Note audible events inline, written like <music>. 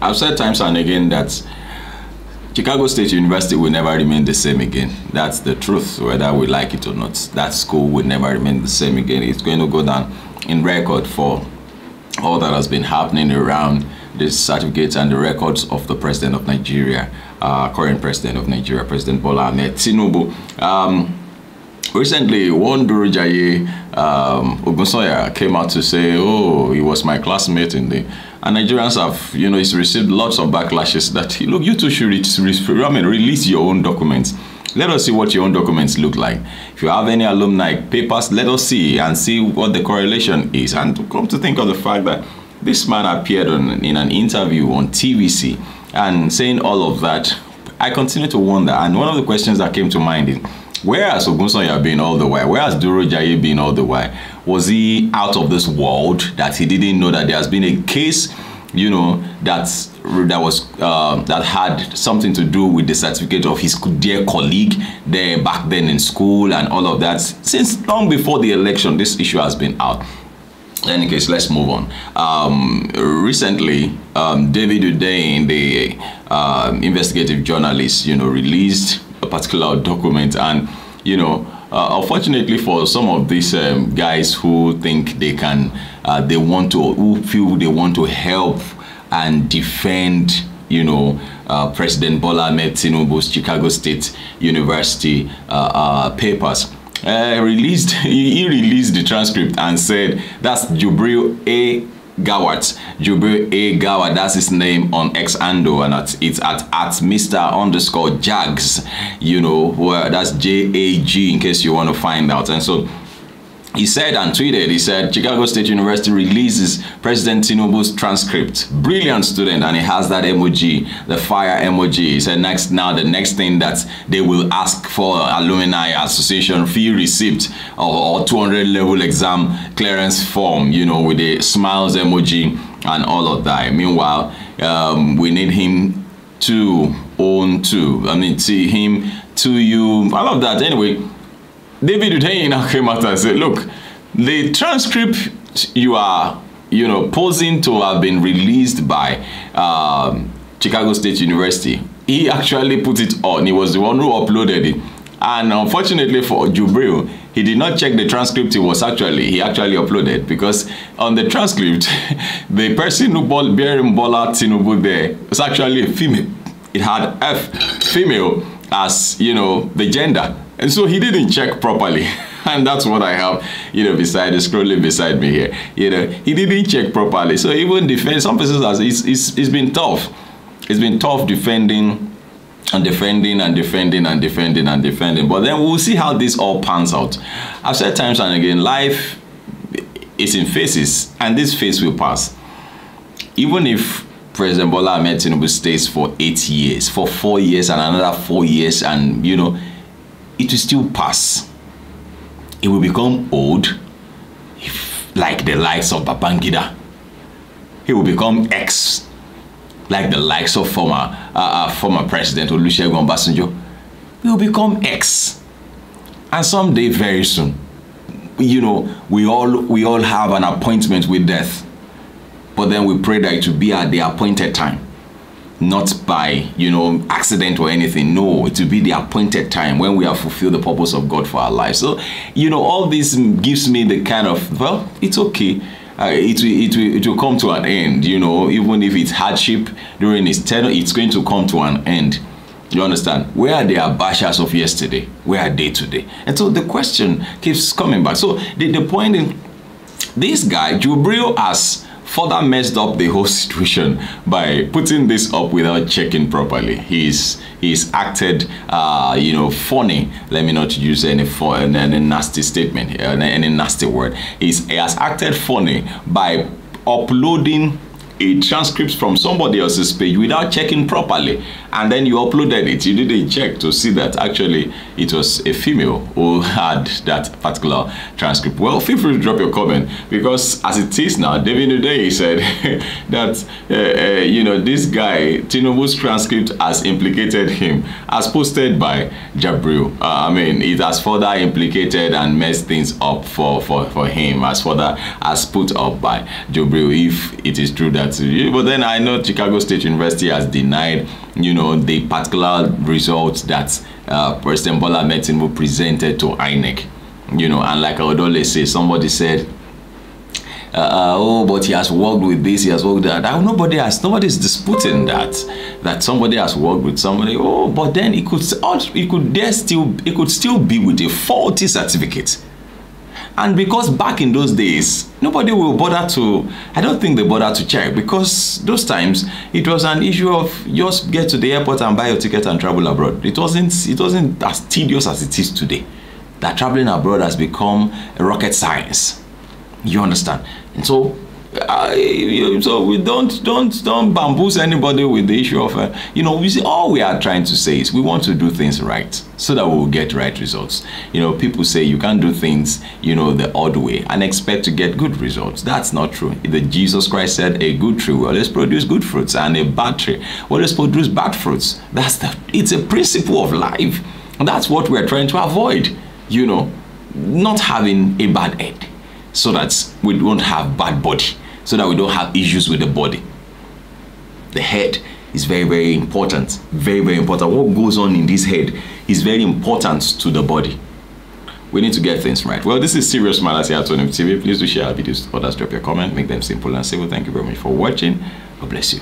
I've said times and again that Chicago State University will never remain the same again. That's the truth, whether we like it or not. That school will never remain the same again. It's going to go down in record for all that has been happening around the certificates and the records of the president of Nigeria, uh, current president of Nigeria, President Bola Ahmed Tinubu. Um, recently, one Durujaye um, Ogunsoya came out to say, oh, he was my classmate in the and Nigerians have, you know, it's received lots of backlashes that, look, you two should re- I mean, release your own documents. Let us see what your own documents look like. If you have any alumni papers, let us see and see what the correlation is. And come to think of the fact that this man appeared on, in an interview on TVC and saying all of that, I continue to wonder. And one of the questions that came to mind is, Whereas Ogunsanya being all the while, whereas Duro Jaye being all the while, was he out of this world that he didn't know that there has been a case, you know, that that was uh, that had something to do with the certificate of his dear colleague there back then in school and all of that. Since long before the election, this issue has been out. In any case, let's move on. Um, recently, um, David Uday, the um, investigative journalist, you know, released particular document and you know uh, unfortunately for some of these um, guys who think they can uh, they want to who feel they want to help and defend you know uh, president bola ahmed tinubu's chicago state university uh, uh, papers uh, released <laughs> he released the transcript and said that's jubril a Gawat, Jubir A. Gawat, that's his name on X Ando, and at, it's at, at Mr. underscore Jags, you know, where that's J A G in case you want to find out. And so he said and tweeted, he said, Chicago State University releases President Tinubu's transcript. Brilliant student, and he has that emoji, the fire emoji. He said next now the next thing that they will ask for alumni association fee receipt or, 200 level exam clearance form, you know, with the smiles emoji and all of that. Meanwhile, um, we need him to own to, I mean, see him to you, all of that. Anyway, David Utain in came out said, look, the transcript you are, you know, posing to have been released by um, Chicago State University, he actually put it on. He was the one who uploaded it. And unfortunately for Jubril, he did not check the transcript he was actually, he actually uploaded because on the transcript, <laughs> the person who bought Bearing Bola Tinubu there was actually a female. It had F, female as, you know, the gender. And so he didn't check properly. <laughs> and that's what I have, you know, beside scrolling beside me here. You know, he didn't check properly. So even defend some persons as it's, it's, it's been tough. It's been tough defending and defending and defending and defending and defending. But then we'll see how this all pans out. I've said times and again, life is in phases and this phase will pass. Even if President Bola Ahmed Tinubu stays for eight years, for four years and another four years, and you know, it will still pass. It will become old, if, like the likes of Babangida. He will become ex, like the likes of former uh, uh, former President Olusegun Obasanjo. He will become ex, and someday very soon, you know, we all we all have an appointment with death but then we pray that it will be at the appointed time. Not by, you know, accident or anything. No, it will be the appointed time when we have fulfilled the purpose of God for our life. So, you know, all this gives me the kind of, well, it's okay. Uh, it, will, it, will, it will come to an end, you know, even if it's hardship during its tenure, it's going to come to an end. You understand? Where are the abashas of yesterday? Where are they today? And so the question keeps coming back. So the, the point in this guy, Jubril, as further messed up the whole <laughs> situation by putting this up without checking properly. He's he's acted, uh, you know, funny. Let me not use any any nasty statement, any nasty word. He's, he has acted funny by uploading a transcript from somebody else's page without checking properly and then you uploaded it you did not check to see that actually it was a female who <laughs> had that particular transcript well feel free to drop your comment because as it is now david today <laughs> said that uh, uh, you know this guy tinubu's transcript has implicated him as posted by jabril uh, i mean it has further implicated and messed things up for for for him as further as put up by jabril if it is true that but then I know Chicago State University has denied, you know, the particular results that uh, President Bola Metinbu presented to INEC. You know, and like Odole says, somebody said, uh, uh, oh, but he has worked with this, he has worked with that. Oh, nobody has, nobody is disputing that, that somebody has worked with somebody. Oh, but then it could, it could, there still, it could still be with a faulty certificate. And because back in those days, nobody will bother to, I don't think they bother to check because those times it was an issue of just get to the airport and buy your ticket and travel abroad. It wasn't, it wasn't as tedious as it is today. That traveling abroad has become a rocket science. You understand? And so I, so we don't don't don't bamboozle anybody with the issue of uh, you know we see, all we are trying to say is we want to do things right so that we will get right results you know people say you can't do things you know the odd way and expect to get good results that's not true the jesus christ said a good tree well let's produce good fruits and a bad tree well let's produce bad fruits that's the it's a principle of life and that's what we're trying to avoid you know not having a bad head so that we don't have bad body so that we don't have issues with the body. The head is very, very important. Very, very important. What goes on in this head is very important to the body. We need to get things right. Well, this is Serious Matters here at Tony TV. Please do share our videos others. Drop your comment. Make them simple and simple. Thank you very much for watching. God bless you.